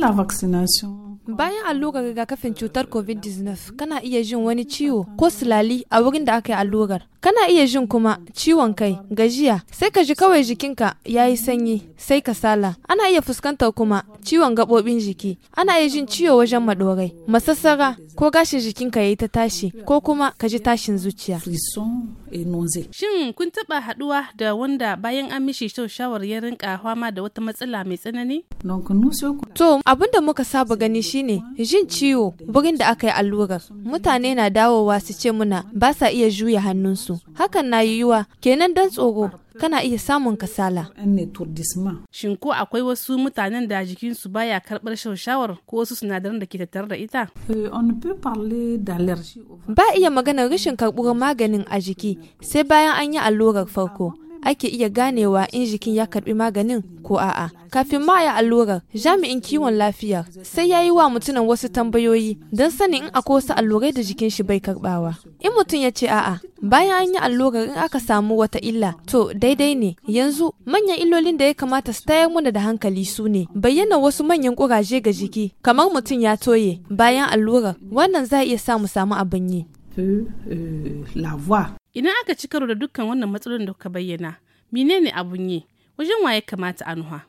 la vaccination Bayan allurar rigakafin cutar COVID-19, kana iya jin wani ciwo ko sulali a wurin da aka yi allurar. Kana iya jin kuma ciwon kai, gajiya, sai ka ji kawai jikinka ya yi sanyi, sai ka sala. Ana iya fuskantar kuma ciwon gabobin jiki, ana iya jin ciwo wajen maɗorai, masassara ko gashin jikinka ya yi ta tashi ko kuma ka ji tashin zuciya. Shin kun taba haɗuwa da wanda bayan an mishi shawar ya rinka fama da wata matsala mai tsanani? To abin da muka saba gani shi shine jin ciwo burin da aka yi allurar. Mutane na dawowa su ce muna ba sa iya juya hannunsu. Hakan na yiwuwa kenan dan tsoro kana iya samun kasala. Shin ko akwai wasu mutanen da jikinsu baya karɓar shawar ko wasu sinadaran da ke tattare da ita? Euh, ba iya maganar rashin karɓuwar maganin a jiki sai bayan an yi allurar farko. ake iya ganewa in jikin ya karbi maganin ko a'a. Kafin ma ya allurar, jami'in kiwon lafiya sai ya yi wa mutumin wasu tambayoyi don sani in akwai wasu allurai da jikin shi bai karbawa. In mutum ya ce a'a, bayan an yi allurar in aka samu wata illa to daidai ne yanzu manyan illolin da ya kamata su tayar mana da hankali su ne bayyana wasu manyan kuraje ga jiki kamar mutum ya toye bayan allurar wannan za a iya sa mu samu abin yi euh, euh, la voix Idan aka ci karo da dukkan wannan matsalolin da kuka bayyana, menene abun yi? Wajen waye kamata a nuha?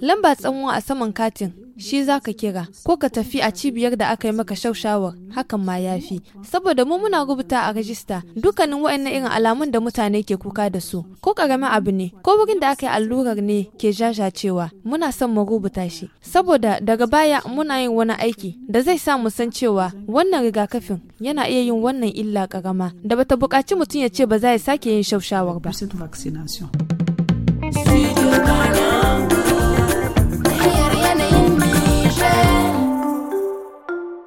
Lamba tsanwa a saman katin shi za ka kira ko ka tafi a cibiyar da aka yi maka shaushawar hakan ma ya fi saboda mu muna rubuta a rajista dukkanin waɗannan irin alamun da mutane ke kuka da su ko ƙaramin abu ne ko wurin da aka yi allurar ne ke cewa muna son mu rubuta shi saboda daga baya muna yin wani aiki da zai sa mu san cewa wannan rigakafin yana iya yin wannan illa karama da bata buƙaci mutum ya ce ba za ya sake yin shaushawar ba.